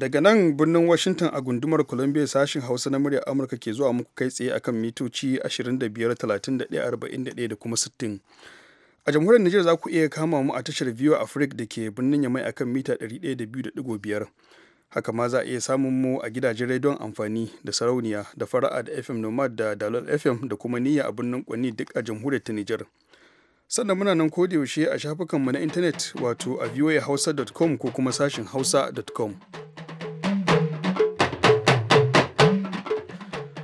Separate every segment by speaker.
Speaker 1: Daga nan birnin Washington a gundumar Columbia sashin Hausa na muryar Amurka ke zuwa muku kai tsaye akan mitoci 25, 31, 41 da kuma 60. A jamhuriyar Nijar za ku iya kama mu a tashar Viewer Africa da ke birnin Yamai akan mita 102.5. Haka ma za a iya samun mu a gidajen rediyon amfani da sarauniya da fara'a da FM Nomad da Dalol FM da kuma niyya a birnin Kwani duk a jamhuriyar ta Nijar. sannan muna nan ko da yaushe a shafukanmu na intanet wato a voahausa.com ko kuma sashin hausa.com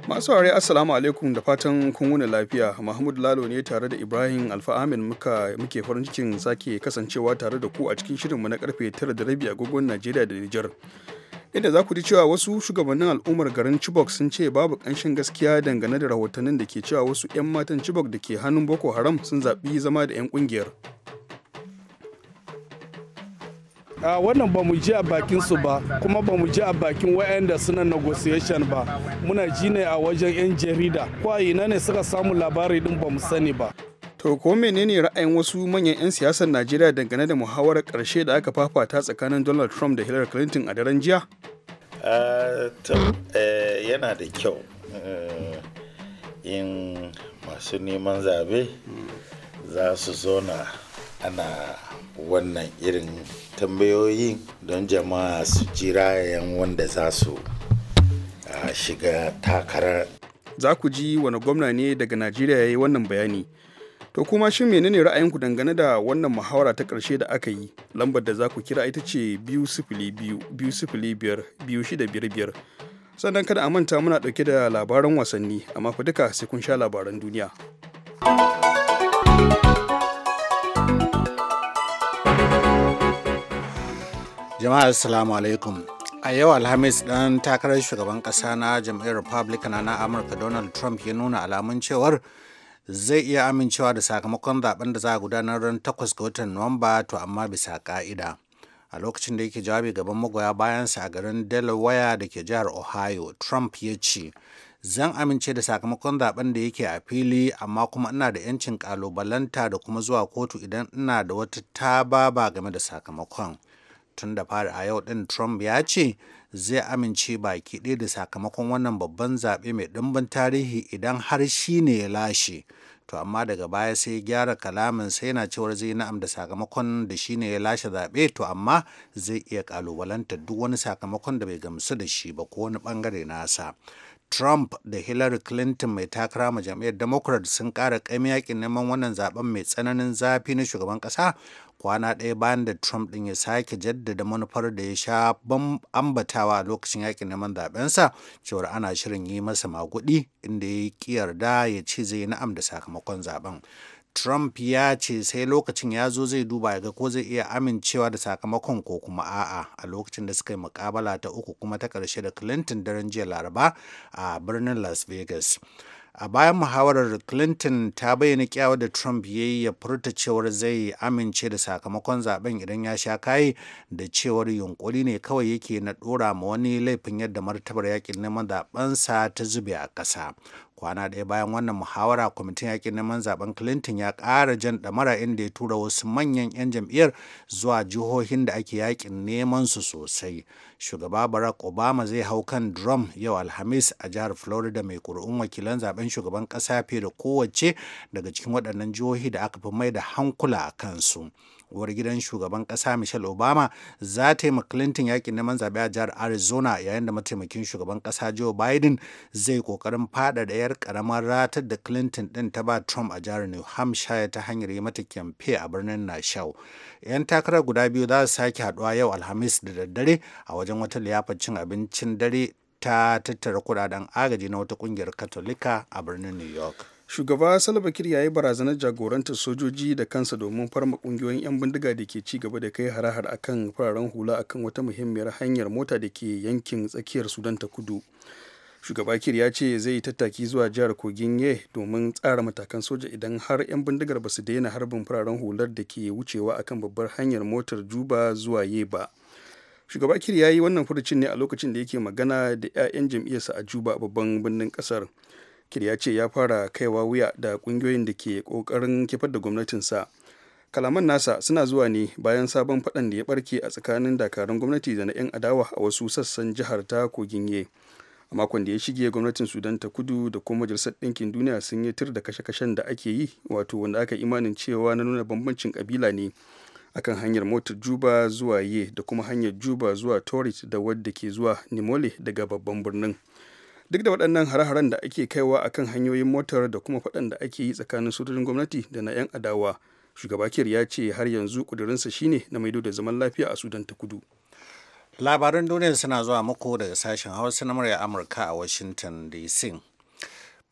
Speaker 1: masu ware assalamu alaikum da fatan kun wuni lafiya mahmud lalo ne tare da ibrahim alfa amin muke farin cikin sake kasancewa tare da ku a cikin shirinmu na karfe 9 da rabi agogon najeriya da nijar inda za ku ji cewa wasu shugabannin al'ummar garin chibok sun ce babu ƙanshin gaskiya dangane da rahotannin da ke cewa wasu 'yan matan chibok da ke hannun boko haram sun zaɓi zama da 'yan ƙungiyar
Speaker 2: a wannan ba mu ji a bakin su ba kuma ba mu ji a bakin wayanda suna negotiation ba muna ji ne a wajen 'yan jarida kwa ina ne suka samu labari din ba mu sani
Speaker 1: ba To ko menene ra'ayin wasu manyan 'yan siyasar Najeriya dangane da muhawarar ƙarshe da aka fafata tsakanin Donald Trump da Hillary Clinton a daren jiya? Ah,
Speaker 3: eh, yana da kyau eh, in masu neman zabe za su zona ana wannan irin tambayoyi don jama'a su ji wanda za su ah, shiga takarar za ku ji wani gwamna ne daga najeriya ya yi wannan bayani
Speaker 1: To kuma shin menene ra'ayinku dangane da wannan muhawara ta karshe da aka yi? Lambar da za ku kira ita ce biyu sifili biyu biyu sifili biyar biyu shida biyar biyar. Sannan kada a manta muna ɗauke da labaran wasanni amma fa duka sai kun sha labaran duniya.
Speaker 4: Jama'a assalamu alaikum. a yau alhamis ɗan takarar shugaban ƙasa na jam'iyyar republican na amurka donald trump ya nuna alamun cewar zai iya amincewa da sakamakon zaben da za a gudanar ran 8 ga watan Nuwamba to amma bisa ka'ida. A lokacin da yake jawabi gaban magoya bayansa a garin Delaware da ke jihar Ohio, Trump ya ce, Zan amince da sakamakon zaben da yake a fili amma kuma ina da 'yancin kalubalanta da kuma zuwa kotu idan ina da wata tababa game da sakamakon. Tun da fara a yau ɗin Trump ya ce, zai amince baki ɗaya da sakamakon wannan babban zaɓe mai ɗimbin tarihi idan har shi ne ya lashe to amma daga baya sai gyara kalamin sai yana cewar zai na'am da sakamakon da shi ne ya lashe zaɓe to amma zai iya kalubalanta duk wani sakamakon da bai gamsu da shi ba ko wani ɓangare nasa Trump da Hillary Clinton mai takara ma jam'iyyar Democrat sun ƙara ƙaimi yakin neman wannan zaben mai tsananin zafi na shugaban ƙasa kwana ɗaya bayan da Trump ɗin ya sake jaddada manufar da ya sha ambatawa a lokacin yakin neman zaɓensa cewar ana shirin yi masa maguɗi inda ya ƙi yarda ya ce zai na'am da sakamakon zaben. Trump ya ce sai lokacin ya zo zai duba ya ga ko zai iya amincewa da sakamakon ko kuma a'a a lokacin da suka yi mukabala ta uku kuma ta ƙarshe da Clinton daren jiya Laraba a birnin Las Vegas. a bayan muhawarar clinton ta bayyana kyawa da trump ya yi ya furta cewar zai amince da sakamakon zaben idan ya sha kaye da cewar yunkuri ne kawai yake na dora ma wani laifin yadda martabar yakin neman sa ta zube a ƙasa kwana ɗaya bayan wannan muhawara kwamitin yakin neman zaben clinton ya ƙara jan ɗamara inda ya tura wasu manyan 'yan jam'iyyar zuwa jihohin da ake yakin neman su sosai shugaba barack obama zai hau kan drum yau alhamis a jihar florida mai ƙuri'un wakilan zaben shugaban ƙasa fiye da kowace daga cikin waɗannan jihohi da aka fi mai da hankula a kansu. uwar gidan shugaban kasa michelle obama za ta yi ma clinton yakin neman zaɓe a jihar arizona yayin da mataimakin shugaban kasa joe biden zai kokarin da yar karamar ratar da clinton ɗin ta ba trump a jihar new hampshire ta hanyar yi mata kyamfe a birnin nashau 'yan takarar guda biyu za su sake haɗuwa yau alhamis da daddare a wajen wata liyafar cin abincin dare ta tattara kudaden agaji na wata ƙungiyar katolika a birnin new york shugaba salva kiir ya
Speaker 1: yi barazanar jagorantar sojoji da kansa domin farma kungiyoyin 'yan bindiga da ke ci gaba da kai harahar akan fararen hula akan wata muhimmiyar hanyar mota da ke yankin tsakiyar sudan ta kudu shugaba kiir ya ce zai yi tattaki zuwa jihar kogin ye domin tsara matakan soja idan har 'yan bindigar ba su daina harbin fararen hular da ke wucewa akan babbar hanyar motar juba zuwa ye ba shugaba kiir ya yi wannan furucin ne a lokacin da yake magana da 'ya'yan jam'iyyarsa a juba babban birnin kasar kir ya ce ya fara kaiwa wuya da ƙungiyoyin da ke kokarin kifar da gwamnatinsa kalaman nasa suna zuwa ne bayan sabon faɗan da ya barke a tsakanin dakarun gwamnati da na 'yan adawa a wasu sassan jihar ta kogin ye a makon da ya shige gwamnatin sudan ta kudu da kuma majalisar ɗinkin duniya sun yi tir da kashe-kashen da ake yi wato wanda aka imanin cewa na nuna bambancin kabila ne akan hanyar motar juba zuwa ye da kuma hanyar juba zuwa torit da wadda ke zuwa nimole daga babban birnin duk da waɗannan hare-haren da ake kaiwa a kan hanyoyin motar da kuma faɗan da ake yi tsakanin sojojin gwamnati da na 'yan adawa shugaba kir ya ce har yanzu ƙudurinsa shine na maido da zaman lafiya
Speaker 4: a sudan ta kudu labaran duniya suna zuwa muku daga sashen hausa na murya amurka a washington dc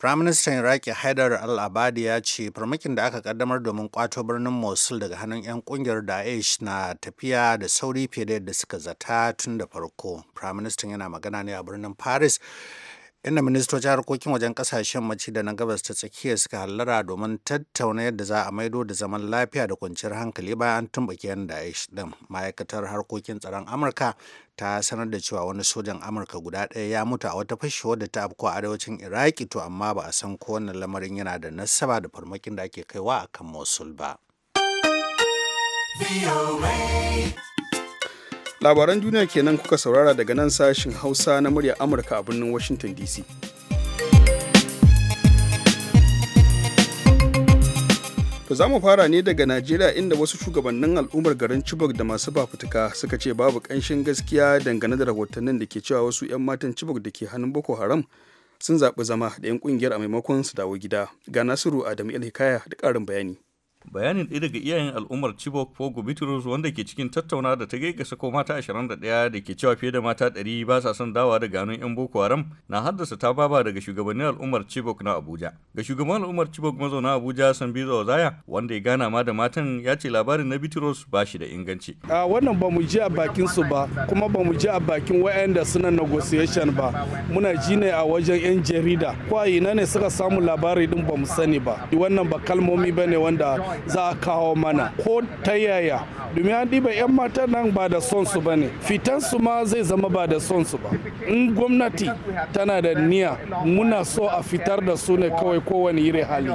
Speaker 4: Firaministan Iraki Haidar al-Abadi ya ce farmakin da aka kaddamar domin kwato birnin Mosul daga hannun 'yan kungiyar Daesh na tafiya da sauri fiye da yadda suka zata tun da farko. Firaministan yana magana ne a birnin Paris inda ministocin harkokin wajen kasashen mace da na gabas ta tsakiya suka hallara domin tattauna yadda za a maido da zaman lafiya da kwanciyar hankali bayan an tumɓuke yan daesh din ma'aikatar harkokin tsaron amurka ta sanar da cewa wani sojan amurka guda ɗaya ya mutu a wata fashewar da ta afko a arewacin iraki to amma ba a san ko wannan lamarin yana da nasaba da farmakin da ake kaiwa akan mosul ba.
Speaker 1: labaran duniya kenan kuka saurara daga nan sashin hausa na murya amurka a birnin washington dc To za mu fara ne daga Najeriya inda wasu shugabannin al'ummar garin Chibok da masu fafutuka suka ce babu ƙanshin gaskiya dangane da rahotannin da ke cewa wasu 'yan matan Chibok da ke hannun Boko Haram sun zaɓi zama da 'yan ƙungiyar a maimakon su dawo gida. Ga Nasiru Adamu Hikaya da
Speaker 5: ƙarin bayani. bayanin ɗaya daga iyayen al'ummar Chibok Fogo Bitrus wanda ke cikin tattauna da ta gaggasa ko mata 21 da ke cewa fiye da mata 100 ba sa son dawa da ganun 'yan Boko Haram na haddasa ta baba daga shugabannin al'ummar Chibok na Abuja. Ga shugaban al'ummar Chibok mazauna Abuja san bizo Zaya wanda ya gana ma da matan ya ce labarin na Bitrus ba shi da inganci.
Speaker 2: A wannan ba mu ji a bakin su ba kuma ba mu ji a bakin wayanda suna negotiation ba. Muna ji ne a wajen 'yan jarida. Kwa ina ne suka samu labari din ba mu sani ba. Wannan ba kalmomi ne wanda za a kawo mana ko ta yaya domin an ɗiba 'yan matan nan ba da son su ba ne fitan su ma zai zama ba da son su ba in gwamnati tana da niyya muna so a fitar da su ne kawai kowane yi hali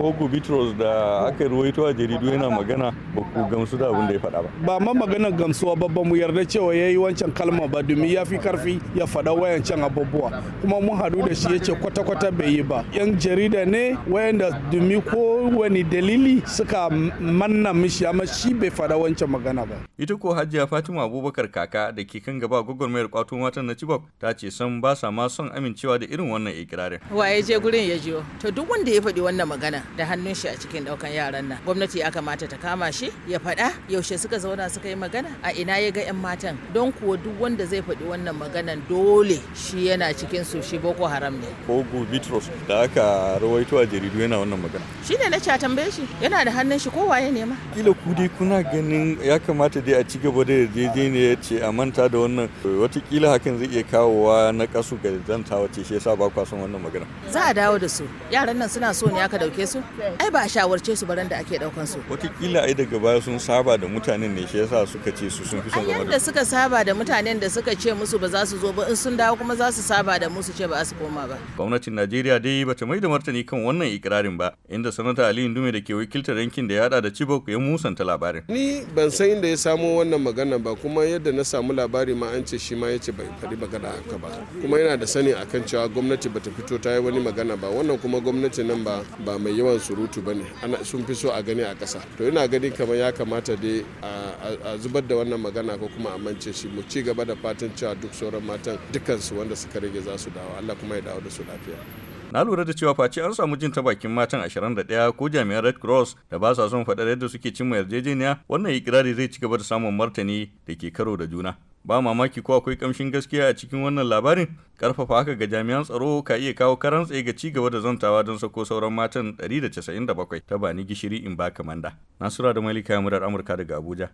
Speaker 2: ogu bitros
Speaker 5: da aka ruwaito a jaridu yana magana ba ku gamsu da abin da ya faɗa
Speaker 2: ba ba ma magana gamsuwa ba ba mu yarda cewa ya yi wancan kalma ba domin ya fi karfi ya faɗa wayancan abubuwa kuma mun haɗu da shi ya ce kwata-kwata bai yi ba yan jarida ne wayanda domin kowane dalili suka manna mishi amma shi bai fada wancan magana ba
Speaker 5: ita ko hajiya fatima abubakar kaka da ke kan gaba gwagwarmayar kwato matan na chibok ta ce san ba sa ma son amincewa da irin wannan ikirarin
Speaker 3: waye je gurin ya jiyo to duk wanda ya faɗi wannan magana da hannun shi a cikin daukan yaran nan gwamnati ya kamata ta kama shi ya faɗa yaushe suka zauna suka yi magana a ina ya ga 'yan matan don kuwa duk wanda zai faɗi wannan maganan dole shi yana cikin su shi boko
Speaker 5: haram ne ko bitrus da aka rawaito a jaridu yana wannan magana
Speaker 3: shi ne na ca tambaye shi yana da da hannun shi ko waye ne ma
Speaker 5: kila ku dai kuna ganin ya kamata dai a ci gaba da yarjejeniyar ce a manta da wannan watakila hakan zai iya kawowa na kasu ga zanta wace shi yasa ba kwa son wannan magana
Speaker 3: za a dawo da su yaran nan suna so ne aka dauke su ai ba a shawarce su baran da ake daukan su
Speaker 5: watakila ai daga baya sun saba da mutanen ne shi yasa suka ce su sun fi son zama da
Speaker 3: suka saba da mutanen da suka ce musu ba za su zo ba in sun dawo kuma za su saba da musu ce ba su koma ba
Speaker 5: gwamnatin Najeriya dai bata mai da martani kan wannan ikirarin ba inda sanata Ali Indume da ke wakilta wakiltar yankin da ya hada da Chibok ya musanta labarin. Ni
Speaker 2: ban san inda ya samo wannan magana ba kuma yadda na samu labari ma an ce shi ma ya bai faɗi magana haka ba. Kuma yana da sani akan cewa gwamnati bata fito ta yi wani magana ba wannan kuma gwamnati nan ba ba mai yawan surutu bane ana sun fi so a gani a ƙasa. To ina ganin kamar ya kamata dai a zubar da wannan magana ko kuma a mance shi mu ci gaba da fatan cewa duk sauran matan dukansu wanda suka rage za su dawo Allah kuma ya dawo da su lafiya.
Speaker 5: na lura da cewa face an samu jin ta bakin matan 21 ko jami'an red cross da ba sa son faɗar yadda suke cimma yarjejeniya wannan ikirari zai ci gaba da samun martani da ke karo da juna ba mamaki ko akwai kamshin gaskiya a cikin wannan labarin karfafa haka ga jami'an tsaro ka iya kawo karan tsaye ga gaba da zantawa don sako sauran matan 197 ta bani gishiri in ba kamanda nasura da malika murar amurka daga abuja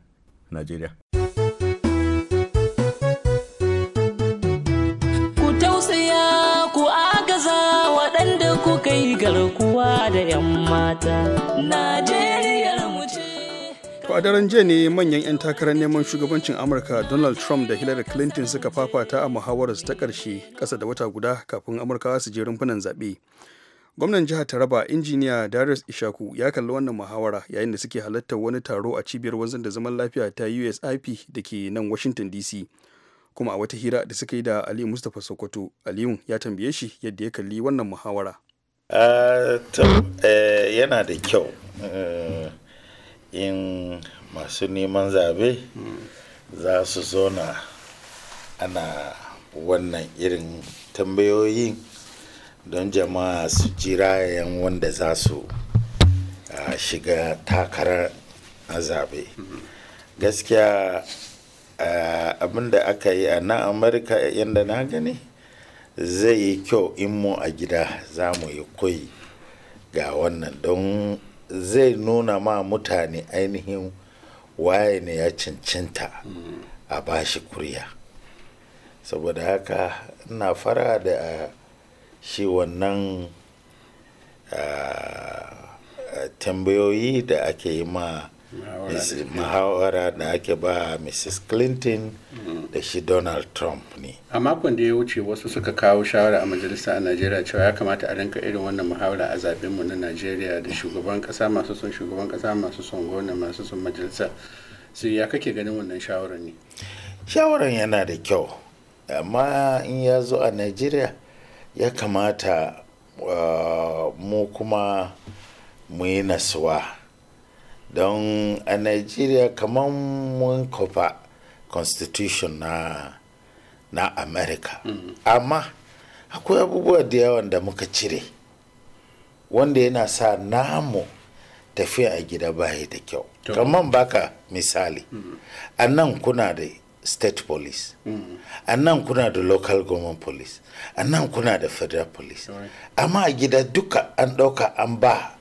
Speaker 5: najeriya
Speaker 6: garkuwa da 'yan mata najeriyar mu
Speaker 1: ce jiya ne manyan 'yan takarar neman shugabancin amurka donald trump da hillary clinton suka fafata a muhawararsu ta ƙarshe ƙasa da wata guda kafin amurkawa su je rumfunan zaɓe gwamnan jihar taraba injiniya darius ishaku ya kalli wannan muhawara yayin da suke halartar wani taro a cibiyar wanzan da zaman lafiya ta usip da ke nan washington dc kuma a wata hira da suka yi da aliyu mustapha sokoto aliyu ya tambaye
Speaker 3: shi yadda ya kalli wannan muhawara yana da kyau in masu neman zabe za su zona ana wannan irin tambayoyi don jama'a su jira yan wanda za su shiga takarar a zabe gaskiya abinda aka yi a nan amurka yadda na gani zai yi kyau in mu a gida za mu yi koyi ga wannan don zai nuna ma mutane ainihin waye ne ya cancanta a bashi kuriya saboda haka ina fara da shi wannan tambayoyi da ake yi ma muhawara da ake ba mrs clinton mm. da shi donald trump ne a makon da ya wuce wasu suka kawo shawara a
Speaker 4: majalisa a najeriya cewa ya kamata a rinka irin wannan muhawara a zaɓenmu na najeriya da shugaban ƙasa
Speaker 3: masu son shugaban ƙasa masu son gona masu son majalisa sai ya kake ganin wannan shawarar ne shawarar yana da kyau amma in ya zo a najeriya ya kamata ah, mu kuma mu yi nasuwa don a nigeria kamar mun kofa constitution na na america mm-hmm. amma akwai abubuwa da yawan da muka cire wanda yana sa namu tafiya a gida baya da kyau kamar baka misali mm a nan kuna da state police mm a nan kuna da local government police a nan kuna da federal police amma a gida duka an ɗauka an ba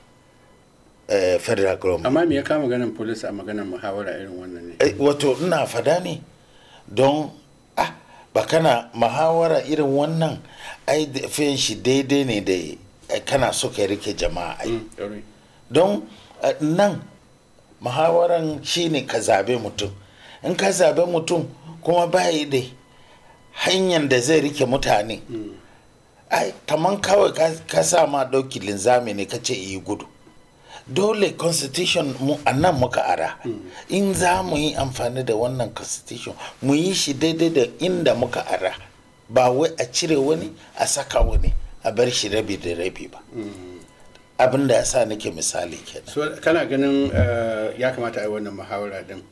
Speaker 3: Eh, federal government amma me ya kama ganin police a maganar muhawara irin wannan ne eh, wato ina fada ne don ah ba kana muhawara irin wannan ai fiyan shi daidai ne da eh, kana so ka rike jama'a ai mm, don nan muhawaran shine ka zabe mutum in ka zabe mutum kuma bayi da hanyar da zai rike mutane mm. ai kaman kawai ka sa ma ɗauki linzami ne ka ce yi gudu dole constitution mu a muka ara in za mu yi amfani da wannan constitution mu yi shi daidai da inda muka ara ba wai a cire wani a saka wani a bar shi rabi da rabi ba abin da ya sa nake misali ke
Speaker 4: so kana ganin eh, ya kamata a yi wannan muhawara din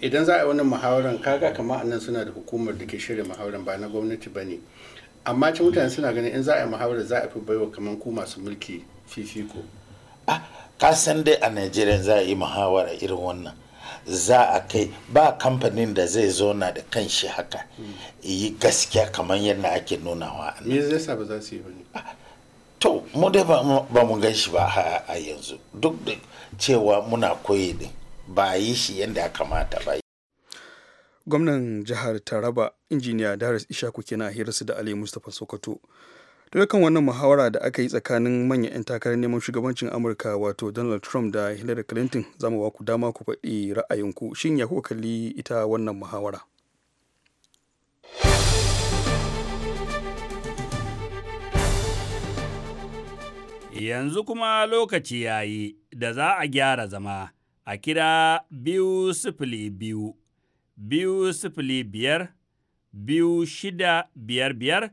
Speaker 4: idan za a yi wannan muhawaran kaga kama nan suna da hukumar da ke shirya muhawaran ba na gwamnati ba ne amma ci mutane suna ganin in za a yi muhawarar za a fi baiwa kamar ku masu mulki fifiko
Speaker 3: ah, kasan dai a nigeria za a yi muhawara irin wannan za a kai ba kamfanin da zai zo na da kan shi haka yi gaskiya kamar yadda ake nunawa me zai sa ba za su yi ba ah, to mu dai ba mu gan shi ba a yanzu duk da cewa muna koyi din ba yi shi yadda ya kamata ba
Speaker 1: gwamnan jihar taraba injiniya daris ishaku kenan a hirarsu da ali mustapha sokoto daga kan wannan muhawara da aka yi tsakanin manyan 'yan takarar neman shugabancin amurka wato donald trump da hillary clinton za mu ku dama ku faɗi ra'ayinku shin ya kuka kalli ita wannan
Speaker 5: muhawara yanzu kuma lokaci ya yi da za a gyara zama a kira biyu sifili biyu biyu sifili biyar biyu shida biyar biyar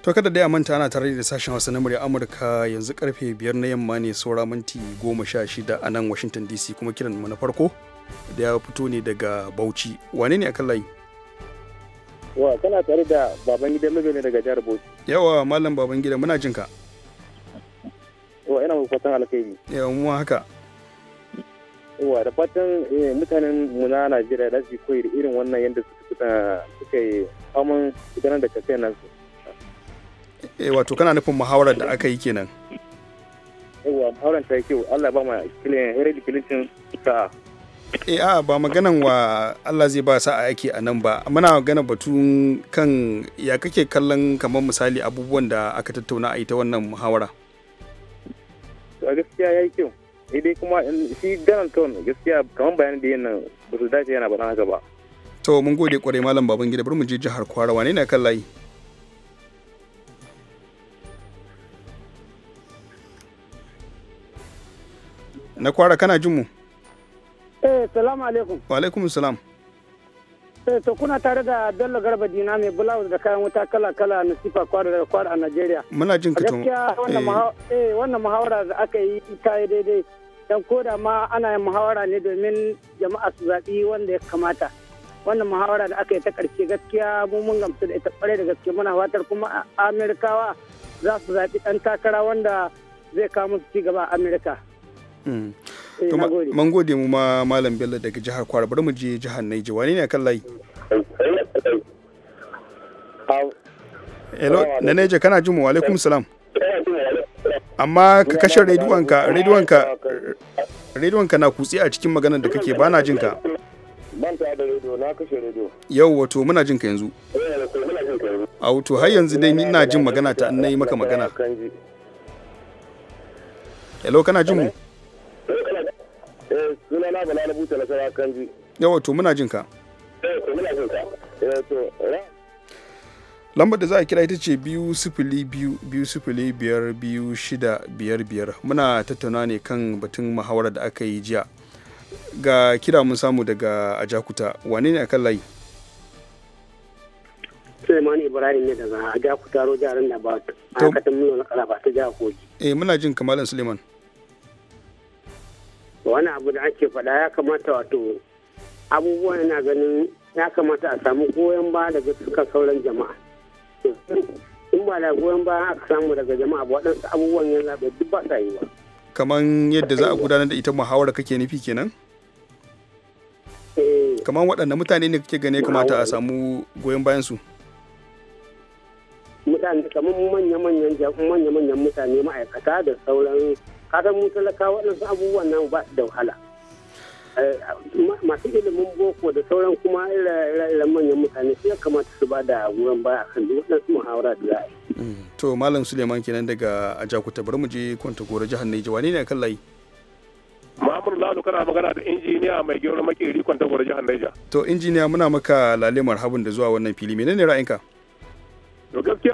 Speaker 1: To kada dai a manta ana tare da sashen Hausa na murya Amurka yanzu karfe biyar na yamma ne saura minti goma sha shida a nan Washington DC kuma kiran mu na farko da ya fito ne daga Bauchi. Wane ne akan layi?
Speaker 7: Wa kana tare da baban gidan mazo ne daga jihar Bauchi.
Speaker 1: Yawa malam baban gidan muna jin ka.
Speaker 7: Wa ina mu fatan alkhairi.
Speaker 1: Yawa mu haka.
Speaker 7: Wa da fatan eh, mutanen mu na Najeriya da su koyi irin wannan yadda suka yi faman gudanar da kasai nan su.
Speaker 1: eh wato kana nufin muhawarar da aka yi kenan
Speaker 7: yawa muhawarar ta yi kyau Allah ba ma Hillary Clinton ta
Speaker 1: e a ba maganan wa Allah zai ba sa aiki a nan ba muna gana batun kan ya kake kallon kamar misali abubuwan da aka tattauna a ita wannan muhawara
Speaker 7: a gaskiya ya yi kyau dai kuma shi ganin ton gaskiya kamar bayanin da yin nan ba su dace yana ba haka ba
Speaker 1: to mun gode kwarai malam babangida bari mu je jihar kwara wane ne kan layi na kwara kana jin mu
Speaker 7: eh salamu alaikum
Speaker 1: wa alaikum salam
Speaker 7: eh to kuna tare da Bello Garba Dina mai blouse da kayan wuta kala kala na sifa kwara daga kwara a Najeriya muna jin ka gaskiya eh. eh wannan muhawara da aka yi ita yi daidai dan koda ma ana yin muhawara ne domin jama'a su zaɓi wanda ya kamata wannan muhawara da aka yi ta ƙarshe gaskiya mu mun gamsu da ita ƙwarai da gaske muna fatar kuma Amerikawa za su zaɓi ɗan takara wanda zai kawo musu ci gaba a Amerika. Mm. Eh,
Speaker 1: mun gode mu ma malam bello daga jihar kwara bari mu je jihar naija wane ne kan layi hello na naija kana jin mu alaikum salam amma ka kashe rediwanka rediwanka rediwanka na kutse a cikin maganar da kake bana jin ka
Speaker 7: ban ta da rediyo na kashe rediyo
Speaker 1: yau wato muna jin ka yanzu eh, a wato har yanzu dai ni ina jin magana ta an nayi maka magana hello kana jin mu
Speaker 7: eh suna na bala na buta nasara kanji
Speaker 1: yawa to muna jin ka
Speaker 7: eh muna jin ka eh to
Speaker 1: lambar da za a kira ita ce biyu sifili biyu biyu sifili biyar biyu shida biyar biyar muna tattauna ne kan batun muhawarar da aka yi jiya ga kira mun samu daga ajakuta wane ne akan layi
Speaker 7: Sulemani Ibrahim ne daga Ajakuta Rojarin da ba a katin muna na kala ba ta jihar Kogi.
Speaker 1: Eh muna jin kamalan Suleiman.
Speaker 7: wani abu da ake faɗa ya kamata wato abubuwan yana ganin ya kamata a samu goyon ba daga suka sauran jama'a in ba da goyon ba aka samu daga jama'a ba waɗansu abubuwan ya zaɓe duk ba sa yi ba
Speaker 1: kaman yadda za a gudanar da ita muhawara kake nufi kenan eh. kaman waɗanda mutane ne kake gane kamata a samu goyon bayan su
Speaker 7: mutane kamar manya-manyan mutane ma'aikata da sauran Kada mu talaka waɗansu abubuwan nan ba da wahala eh, masu ilimin boko da sauran kuma irin manyan mutane su ya kamata su ba da goyon baya kan duk waɗansu muhawara da za a yi.
Speaker 1: Mm. to malam suleiman kenan daga ajakuta bari mu je kwanta gora jihar neja wane ne kan layi.
Speaker 7: Muhammadu Lalu kana magana da injiniya mai gero makeri kwanta gora jihar Neja.
Speaker 1: To injiniya muna maka lalimar habun da zuwa wannan fili menene ra'ayinka?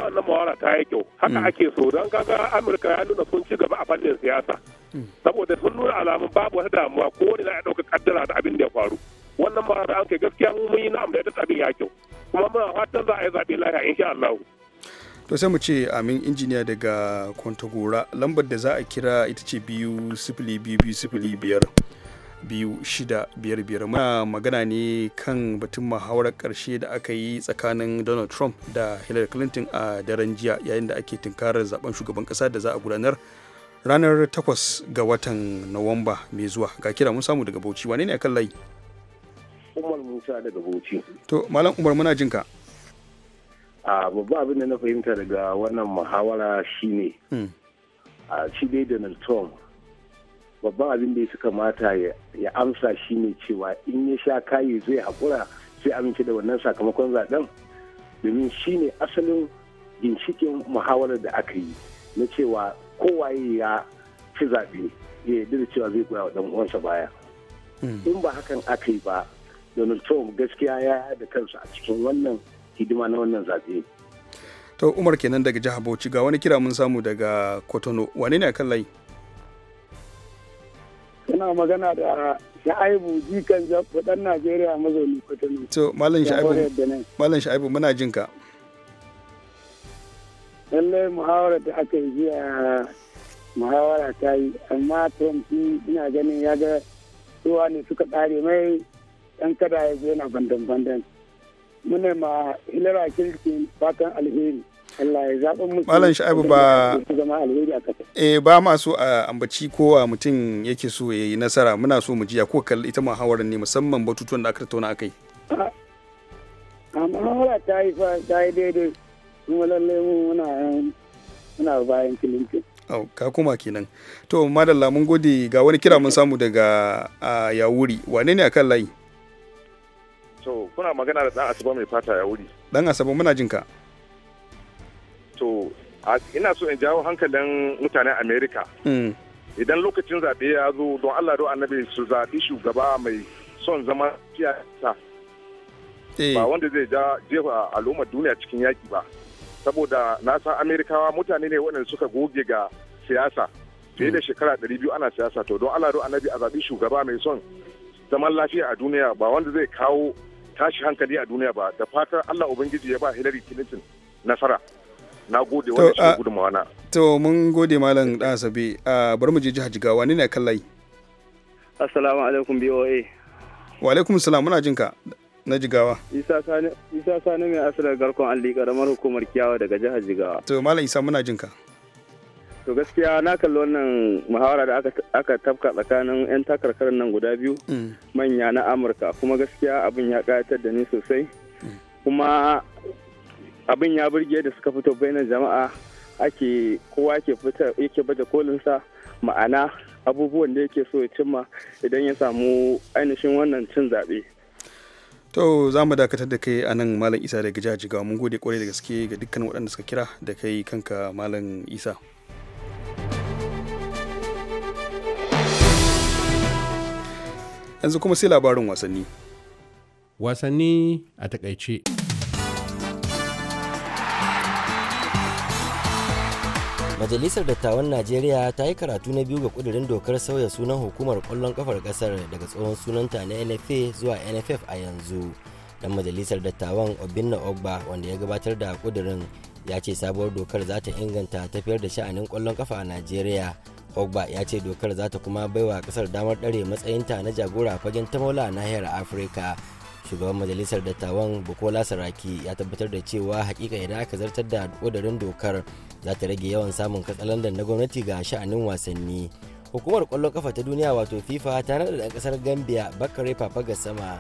Speaker 7: wannan muhawara ta yi kyau haka mm. ake so don kaga amurka ya nuna sun ci gaba a fannin siyasa mm. saboda sun nuna alamun babu wata damuwa ko wani na a dauka kaddara da abin da ya faru wannan muhawara an kai gaskiya mun yi na'am da ita abin ya kyau kuma muna fatan za a yi zaɓe lafiya insha Allah.
Speaker 1: to sai mu ce amin injiniya daga kwantagora lambar da za a kira ita ce biyu sifili biyu biyu sifili biyar biyu shida biyar biyar muna magana ne kan batun muhawarar karshe da aka yi tsakanin donald trump da hillary clinton a daren jiya yayin da ake tunkarar zaben shugaban kasa da za a gudanar ranar 8 ga watan nuwamba mai zuwa ga kira mun samu daga bauchi wane ne akan layi
Speaker 7: umar musa daga bauchi
Speaker 1: to malam umar muna jin ka
Speaker 7: a babba abin da na fahimta daga wannan muhawara shine hmm. a shi dai donald trump babban abin da ya su kamata ya amsa shine cewa in ya sha kayi zai haƙura sai amince da wannan sakamakon zaɓen domin shine asalin ginshikin muhawarar da aka yi na cewa kowaye ya ci zaɓe ya yi da cewa zai goya wa ɗan uwansa baya hmm. in ba hakan aka yi ba donald trump gaskiya ya da kansa a cikin wannan hidima na wannan zaɓe
Speaker 1: to umar kenan daga jihar bauchi ga wani kira mun samu daga kotono wane ne a kan layi
Speaker 7: yana magana da Sha'aibu jikan jafu Najeriya mazauni Kwatano. To, Malam Sha'aibu,
Speaker 1: Malam Sha'aibu muna jin ka.
Speaker 7: Lallai muhawarar da aka yi jiya muhawara ta yi, amma Trump ina ganin ya ga ruwa ne suka tsare mai ɗan kada ya zo yana bandan-bandan. Muna ma hilara Clinton fatan alheri. Allah ya zaɓin mutum. Malam Sha'ibu ba
Speaker 1: eh ba ma so a ambaci ko a mutum yake so ya yi nasara muna so mu jiya ko kalli ita muhawarar ne musamman batutuwan da aka tattauna akai.
Speaker 7: Amma muhawara ta yi fa ta yi daidai kuma lallai mu muna muna bayan Clinton.
Speaker 1: Oh, ka kuma kenan. To madalla mun gode ga wani kira mun samu daga uh, Yawuri. Wane ne akan layi?
Speaker 7: To kuna magana da ɗan Asaba mai fata Yawuri.
Speaker 1: ɗan Asaba muna jin ka.
Speaker 2: to ina so in jawo hankalin mutanen america hmm. idan lokacin zaɓe ya zo don allah don annabi su zaɓi shugaba mai son zama siyasa eh. ba wanda zai ja jefa al'ummar duniya cikin yaƙi ba saboda na san amerikawa mutane ne waɗanda suka goge ga siyasa fiye da hmm. shekara ɗari biyu ana siyasa to don allah don annabi a zaɓi shugaba mai son zaman lafiya a duniya ba wanda zai kawo tashi hankali a duniya ba da fatar allah ubangiji ya ba hillary clinton nasara na gode wani shi gudu
Speaker 7: na
Speaker 1: to mun gode malam da asabe bari mu je jihar jigawa ne na kallai
Speaker 7: assalamu alaikum boa
Speaker 1: wa alaikum salam muna jinka na jigawa
Speaker 7: isa sani mai asirar garkon alli karamar hukumar kiyawa daga jihar jigawa
Speaker 1: to malam isa muna jinka
Speaker 7: to gaskiya na kalli wannan muhawara da aka tafka tsakanin 'yan takarkarar nan guda biyu mm. manya na amurka kuma gaskiya abin ya kayatar da ni sosai mm. kuma abin ya burge da suka fito bayanan jama'a ake kowa ke fitar yake baje kolinsa ma'ana abubuwan da yake so ya cimma idan ya samu ainihin wannan cin zaɓe.
Speaker 1: to za mu dakatar da kai a nan malam isa daga jiga mun gode kwarai da gaske ga dukkan waɗanda suka kira da kai kanka malam isa yanzu kuma sai labarin wasanni
Speaker 4: wasanni a takaice
Speaker 8: Majalisar Dattawan Najeriya ta yi karatu na biyu ga kudirin dokar sauya sunan hukumar kwallon kafar kasar daga tsohon sunanta na NFA zuwa NFF a yanzu. Dan majalisar dattawan Obinna Ogba wanda ya gabatar da kudirin ya ce sabuwar dokar za ta inganta tafiyar da sha'anin kwallon kafa a Najeriya. Ogba ya ce dokar za ta kuma baiwa kasar damar dare matsayinta na jagora fagen tamola a nahiyar Afirka shugaban majalisar dattawan bukola saraki ya tabbatar da cewa hakika idan aka zartar da kudurin dokar za ta rage yawan samun katsalandan na gwamnati ga sha'anin wasanni hukumar kwallon kafa ta duniya wato fifa ta nada da kasar gambia bakare ga sama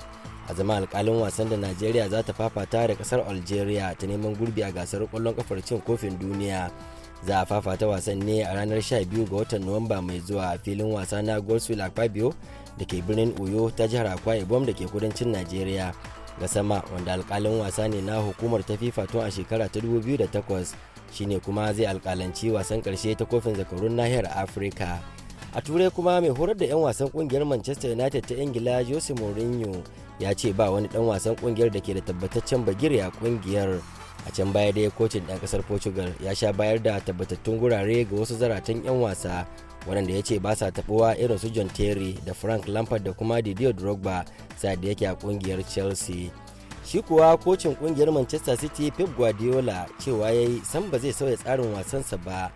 Speaker 8: a zama alkalin wasan da najeriya za ta fafata da kasar algeria ta neman gurbi a gasar kwallon kafar cin kofin duniya za a fafata wasan ne a ranar 12 ga watan nuwamba mai zuwa filin wasa na godswill fabio da ke birnin uyo ta jihar akwa ibom da ke kudancin najeriya ga sama wanda alkalin wasa ne na hukumar ta fifa tun a shekara ta 2008 shine kuma zai alkalanci wasan karshe ta kofin zakarun nahiyar afirka a turai kuma mai horar da 'yan wasan kungiyar manchester united ta ingila jose mourinho ya ce ba wani dan wasan kungiyar da ke da tabbataccen bagiri a kungiyar a can baya dai kocin dan kasar portugal ya sha bayar da tabbatattun gurare ga wasu zaratan 'yan wasa waɗanda ya ce ba sa taɓuwa irin su john terry da frank lampard da kuma didier drogba sa'ad da yake a kungiyar chelsea shi kuwa kocin ƙungiyar manchester city pep guardiola cewa ya yi san ba zai sauya tsarin wasansa ba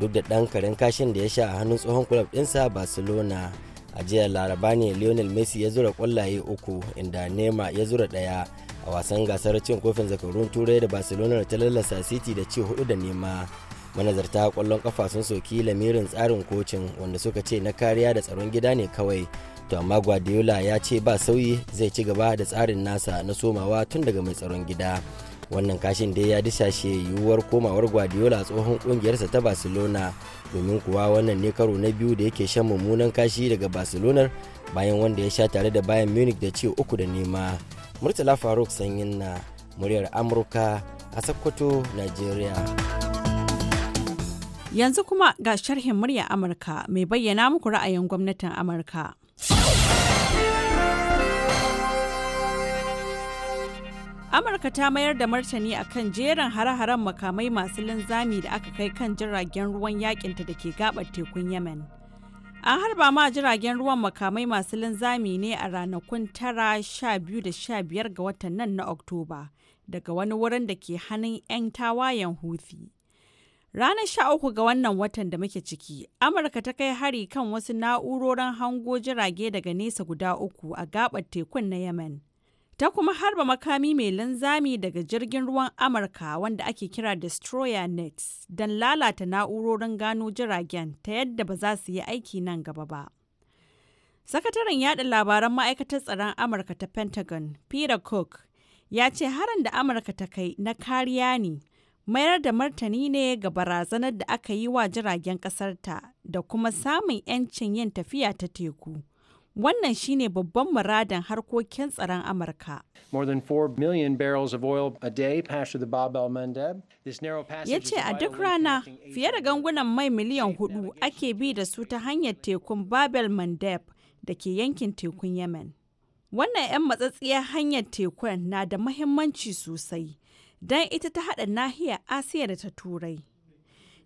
Speaker 8: duk da ɗan karen kashin da ya sha a hannun tsohon club ɗinsa barcelona a jiya laraba ne lionel messi ya zura kwallaye uku inda neymar ya zura ɗaya a wasan gasar cin kofin zakarun turai da barcelona ta lalasa city da ci hudu da nema manazarta kwallon kafa sun soki lamirin tsarin kocin wanda suka ce na kariya da tsaron gida ne kawai to amma guardiola ya ce ba sauyi zai ci gaba da tsarin nasa na somawa tun daga mai tsaron gida wannan kashin dai ya dishashe yiwuwar komawar guardiola tsohon kungiyarsa ta barcelona domin kuwa wannan ne karo na biyu da yake shan mummunan kashi daga barcelona bayan wanda ya sha tare da bayan munich da ce uku da nema murtala faruk sanyin na muryar amurka a sakkwato nigeria
Speaker 6: Yanzu kuma ga sharhin murya Amurka mai bayyana muku ra'ayin gwamnatin Amurka. Amurka ta mayar da martani a kan jerin hare-haren makamai masu linzami da aka kai kan jiragen ruwan yakinta da ke gabar tekun Yemen. An harba ma jiragen ruwan makamai masu linzami ne a ranakun 9, 12 da biyar ga watan nan na Oktoba daga wani wurin da ke hannun 'yan tawayen Houthi. Ranar sha uku ga wannan watan da muke ciki, Amurka ta kai hari kan wasu na'urorin hango jirage daga nesa guda uku a gabar tekun na Yemen. Ta kuma harba makami mai linzami daga jirgin ruwan Amurka wanda ake kira Destroyer Nets don lalata na'urorin gano jiragen ta yadda ba za su yi aiki nan gaba ba. Sakataren yada labaran ma'aikatar tsaron Amurka ta Pentagon, Peter Cook, ya ce harin da Amurka ta kai na kariya ne. mayar da martani ne ga barazanar da aka yi wa jiragen ƙasarta da kuma samun 'yancin yin tafiya ta teku. Wannan shi ne babban muradin harkokin tsaron Amurka.
Speaker 8: Ya ce a duk
Speaker 6: rana fiye da gangunan mai miliyan hudu ake bi da su ta hanyar tekun Babel Mandeb da ke yankin tekun Yemen. Wannan 'yan matsatsiyar hanyar tekun na da mahimmanci sosai don ita ta haɗa nahiyar Asiya da ta Turai.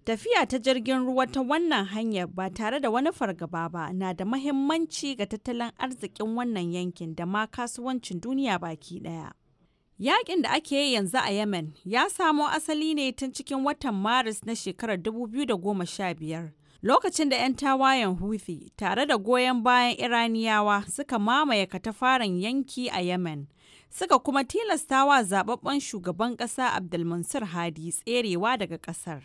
Speaker 6: Tafiya ta jirgin ruwa ta wannan hanyar ba tare da wani fargaba ba na da mahimmanci ga tattalin arzikin wannan yankin da ma kasuwancin duniya baki ɗaya. Yaƙin da ake yi yanzu a Yemen ya samo asali ne tun cikin watan Maris na shekarar 2015. lokacin da 'yan tawayen Houthi tare da goyon bayan Iraniyawa suka mamaye katafaren yanki a Yemen suka kuma tilasta wa zababben shugaban ƙasa Abdulmansur Hadi tserewa daga ƙasar.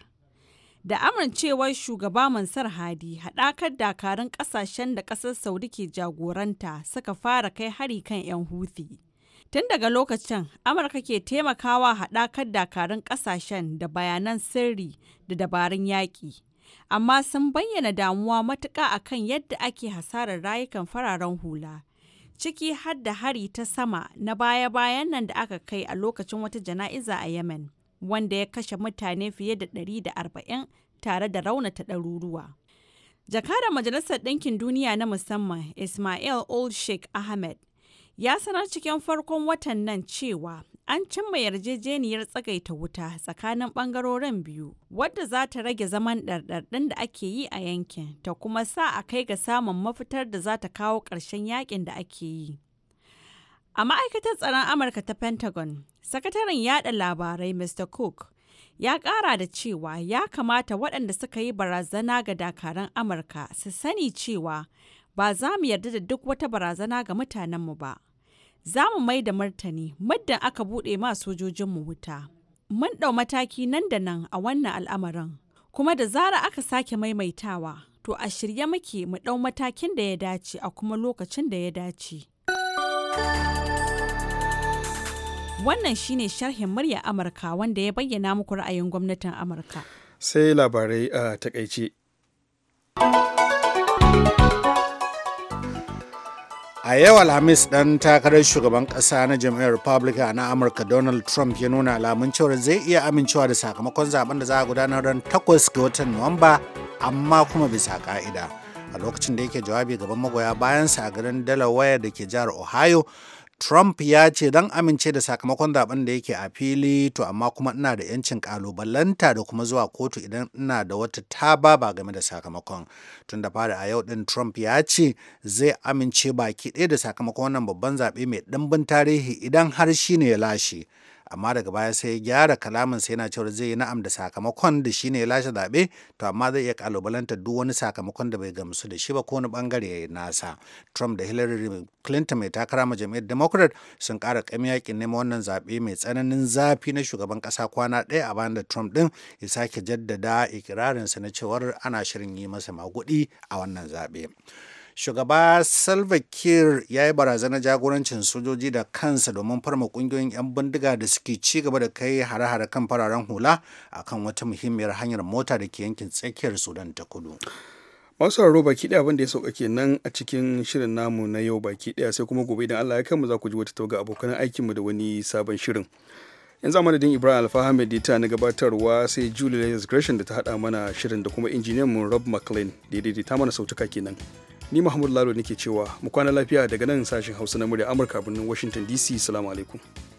Speaker 6: Da amincewar shugaba Mansur Hadi haɗakar dakarun ƙasashen da ƙasar Saudi ke jagoranta suka fara kai hari kan 'yan huthi Tun daga lokacin, Amurka ke taimakawa haɗakar dakarun ƙasashen da bayanan sirri da dabarun yaƙi. Amma sun bayyana damuwa matuƙa akan yadda ake hasarar rayukan fararen hula. ciki har da hari ta sama na baya-bayan nan da aka kai a lokacin wata jana'iza a Yemen, wanda ya kashe mutane fiye da 140 tare da raunata ɗaruruwa. Jakadar Majalisar Ɗinkin Duniya na musamman Ismail Old Sheikh Ahmed ya sanar cikin farkon watan nan cewa an cimma yarjejeniyar tsagaita wuta tsakanin bangarorin biyu wadda za ta rage zaman ɗarɗarɗin da ake yi a yankin ta kuma sa a kai ga samun mafitar da za ta kawo ƙarshen yakin da ake yi a ma'aikatar tsaron amurka ta pentagon sakataren yada labarai mr cook ya ƙara da cewa ya kamata waɗanda suka yi barazana ga dakaran amurka su sani cewa ba za mu yarda da duk wata barazana ga mutanenmu ba. za mu mai da martani muddin aka buɗe ma sojojinmu wuta. Mun ɗau mataki nan da nan a wannan al'amarin, kuma da zara aka sake maimaitawa, to a shirye muke mu ɗau matakin da ya dace a kuma lokacin da ya dace. Wannan shine sharhin murya Amurka wanda ya bayyana muku ra'ayin gwamnatin Amurka.
Speaker 1: Sai labarai a
Speaker 4: takaice. a yau alhamis dan takarar shugaban kasa na jam'iyyar republican na amurka donald trump ya nuna alamun cewar zai iya amincewa da sakamakon zaben da za a gudanar ran takwas ga watan nuwamba amma kuma bisa ka'ida a lokacin da yake jawabi gaban magoya bayansa a garin delaware da ke jihar ohio Trump ya ce don amince da sakamakon zaben da yake a fili to amma kuma ina da yancin kalubalanta da kuma zuwa kotu idan ina da wata taba ba game da sakamakon. Tun da fara a yau din Trump ya ce zai amince baki ɗaya da sakamakon wannan babban zaɓe mai ɗimbin tarihi idan har shi ne ya lashe. amma daga baya sai ya gyara kalamin sai yana cewa zai yi na'am da sakamakon da shine ya lashe zaɓe to amma zai iya kalubalantar duk wani sakamakon da bai gamsu da shi ba ko wani bangare ya nasa Trump da Hillary Clinton mai takara ma jam'iyyar Democrat sun kara kam yakin neman wannan zaɓe mai tsananin zafi na shugaban ƙasa kwana ɗaya a bayan da Trump ɗin ya sake jaddada ikirarinsa na cewar ana shirin yi masa magudi a wannan zaɓe. shugaba salva kiir ya yi barazanar jagorancin sojoji da kansa domin farma kungiyoyin 'yan bindiga da suke ci gaba da kai hare-hare kan fararen hula a kan wata muhimmiyar hanyar mota da ke yankin tsakiyar sudan ta kudu
Speaker 1: masu sauraro baki ɗaya abin da ya sauka nan a cikin shirin namu na yau baki ɗaya sai kuma gobe idan allah ya mu za ku ji wata tauga abokan aikinmu da wani sabon shirin yanzu amadadin ibrahim alfahamed da ta na gabatarwa sai julie gresham da ta haɗa mana shirin da kuma injiniyan mu rob mclean da ya daidaita mana sautuka kenan ni mahmud lalo nake cewa mu kwana lafiya daga nan sashen hausa na murya amurka birnin washington dc salamu alaikum